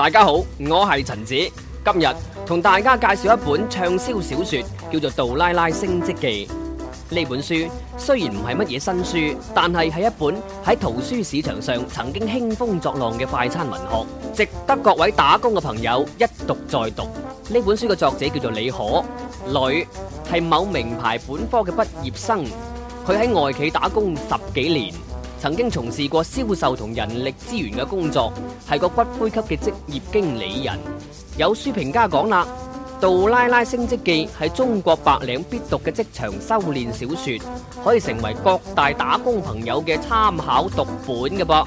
大家好，我係陳子，今日同大家介紹一本暢銷小說，叫做《杜拉拉升職記》。呢本書雖然唔係乜嘢新書，但係係一本喺圖書市場上曾經興風作浪嘅快餐文學，值得各位打工嘅朋友一讀再讀。呢本書嘅作者叫做李可，女，係某名牌本科嘅畢業生，佢喺外企打工十幾年。曾經從事過銷售同人力資源嘅工作，係個骨灰級嘅職業經理人。有書評家講啦，《杜拉拉升職記》係中國白領必讀嘅職場修煉小說，可以成為各大打工朋友嘅參考讀本嘅噃。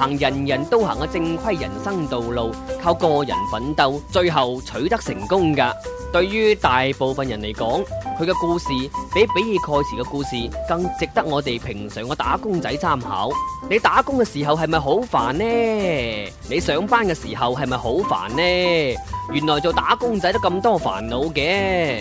行人人都行嘅正規人生道路，靠個人奮鬥，最後取得成功㗎。對於大部分人嚟講，佢嘅故事比比爾蓋茨嘅故事更值得我哋平常嘅打工仔參考。你打工嘅時候係咪好煩呢？你上班嘅時候係咪好煩呢？原來做打工仔都咁多煩惱嘅。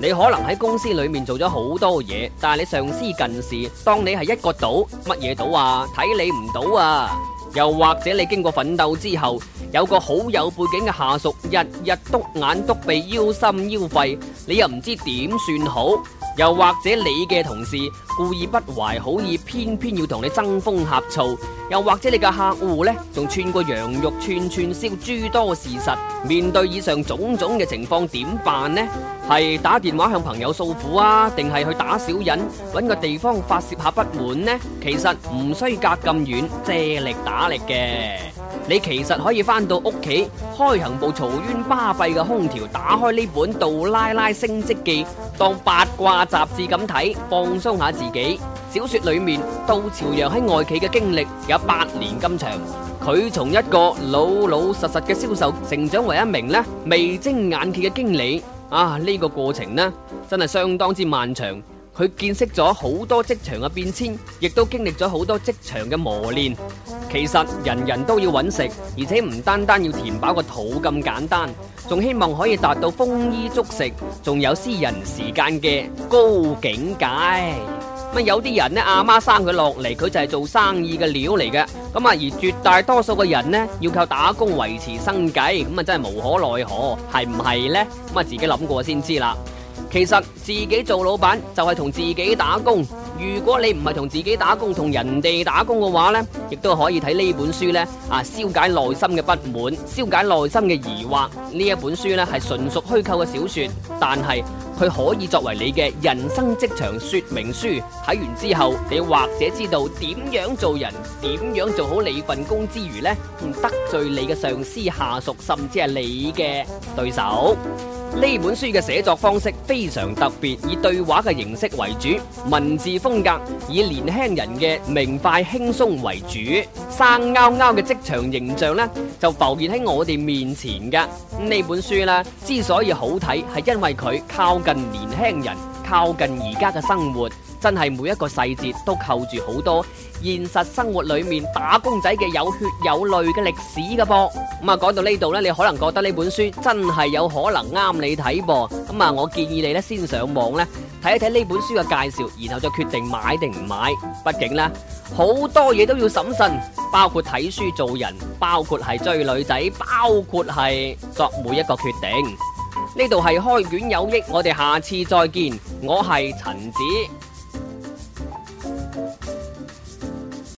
你可能喺公司裏面做咗好多嘢，但係你上司近視，當你係一個島，乜嘢島啊？睇你唔到啊！又或者你經過奮鬥之後，有個好有背景嘅下屬，日日督眼督鼻，腰心腰肺。你又唔知點算好？又或者你嘅同事故意不懷好意，偏偏要同你爭風呷醋？又或者你嘅客戶呢，仲串過羊肉串串燒諸多事實？面對以上種種嘅情況，點辦呢？係打電話向朋友訴苦啊，定係去打小人，搵個地方發洩下不滿呢？其實唔需要隔咁遠，借力打力嘅。你其實可以返到屋企開行部嘈冤巴閉嘅空調，打開呢本《杜拉拉升職記》，當八卦雜誌咁睇，放鬆下自己。小說裏面，杜朝陽喺外企嘅經歷有八年咁長，佢從一個老老實實嘅銷售，成長為一名眉精眼企嘅經理啊！呢個過程呢，真係相當之漫長。佢見識咗好多職場嘅變遷，亦都經歷咗好多職場嘅磨練。其實人人都要揾食，而且唔單單要填飽個肚咁簡單，仲希望可以達到豐衣足食，仲有私人時間嘅高境界。咁、嗯、有啲人呢，阿媽生佢落嚟，佢就係做生意嘅料嚟嘅。咁、嗯、啊，而絕大多數嘅人呢，要靠打工維持生計，咁、嗯、啊、嗯，真係無可奈何，係唔係呢？咁、嗯、啊，自己諗過先知啦。其實自己做老闆就係同自己打工。如果你唔係同自己打工，同人哋打工嘅話呢，亦都可以睇呢本書呢啊，消解內心嘅不滿，消解內心嘅疑惑。呢一本書呢係純屬虛構嘅小說，但係佢可以作為你嘅人生職場說明書。睇完之後，你或者知道點樣做人，點樣做好你份工之餘呢，唔得罪你嘅上司、下屬，甚至係你嘅對手。呢本書嘅寫作方式非常特別，以對話嘅形式為主，文字風格以年輕人嘅明快輕鬆為主，生勾勾嘅職場形象咧就浮現喺我哋面前噶呢本書咧之所以好睇，係因為佢靠近年輕人，靠近而家嘅生活，真係每一個細節都扣住好多現實生活裏面打工仔嘅有血有淚嘅歷史嘅噃。咁、嗯、啊，講到呢度咧，你可能覺得呢本書真係有可能啱你睇噃。咁、嗯、啊，我建議你咧先上網咧睇一睇呢本書嘅介紹，然後再決定買定唔買。畢竟咧，好多嘢都要審慎，包括睇書做人，包括係追女仔，包括係作每一個決定。呢度係開卷有益，我哋下次再見，我係陳子。